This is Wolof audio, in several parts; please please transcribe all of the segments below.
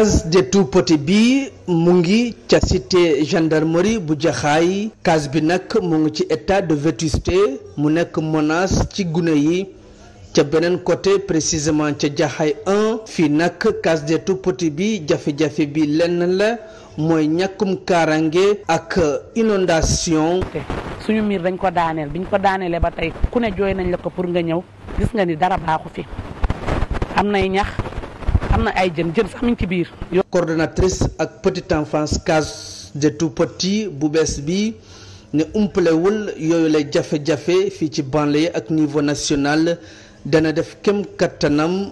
village de tout petit bi mu ngi ca cité gendarmerie bu jaxaay case bi nag mu ngi ci état de vétusté mu nekk mënaas ci gune yi ca beneen côté précisément ca jaxaay en fii nag case de tout petit bi jafe-jafe bi lenn la mooy ñàkkum kaarange ak inondation suñu miir dañ ko daaneel biñ ko daaneele ba tey ku ne jooy nañ la ko pour nga ñëw gis nga ni dara baaxu fi am nay ñax am na ay jën jën sax mi ngi ci biir. coordonnatrice ak petite enfance case de tout petit bu bees bi ne umpalewul yooyu lay jafe-jafe fii ci banlieue ak niveau national dana def kem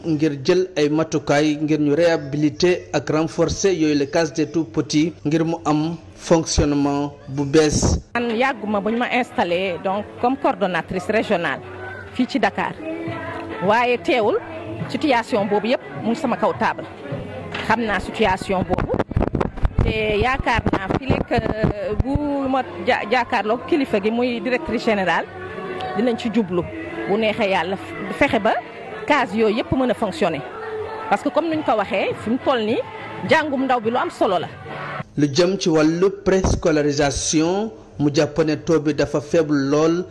ngir jël ay matukaay ngir ñu réhabiliter ak renforcer yooyu la case de tout petit ngir mu am fonctionnement bu bees. man yàgguma bu ma installé donc comme coordonnatrice régionale fii ci dakaar waaye teewul. situation boobu yëpp mu ngi sama kaw taabal xam naa situation boobu te yaakaar naa fi lekk euh, bu ma jàkkaarloo kilifa gi muy directrice générale dinañ ci jublu bu neexee yàlla fexe ba case yooyu yëpp mën a fonctionner parce que comme nuñ ko waxee fi mu toll nii jàngum ndaw bi lu am solo la. lu jëm ci wàllu préscolarisation mu jàpp ne taux bi dafa faible lool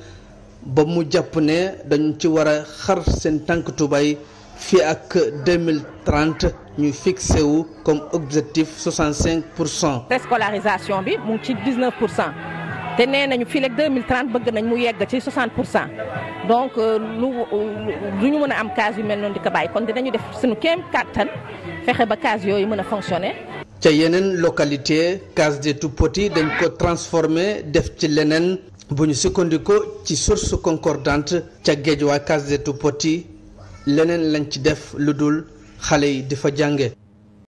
ba mu jàpp ne dañ ci war a xar seen tànk tubay fii ak deux mille trente ñu fixé wu comme objectif soixante cinq pour cent. déscolarisation bi mu ci dix neuf pour cent te nee nañu fii ak deux mille trente bëgg nañ mu yegg ci soixante pour cent donc euh, lu ñu mën a am case yu mel noonu di ko bàyyi kon dinañu def suñu kéem kàttan fexe ba case yooyu mën a fonctionner. ca yeneen localité case des tout-petits dañ ko transformé def ci leneen bu ñu sukkandikoo ci source concordante ca géej waa case des tout-petits leneen lañ ci def lu dul xale yi di fa jànge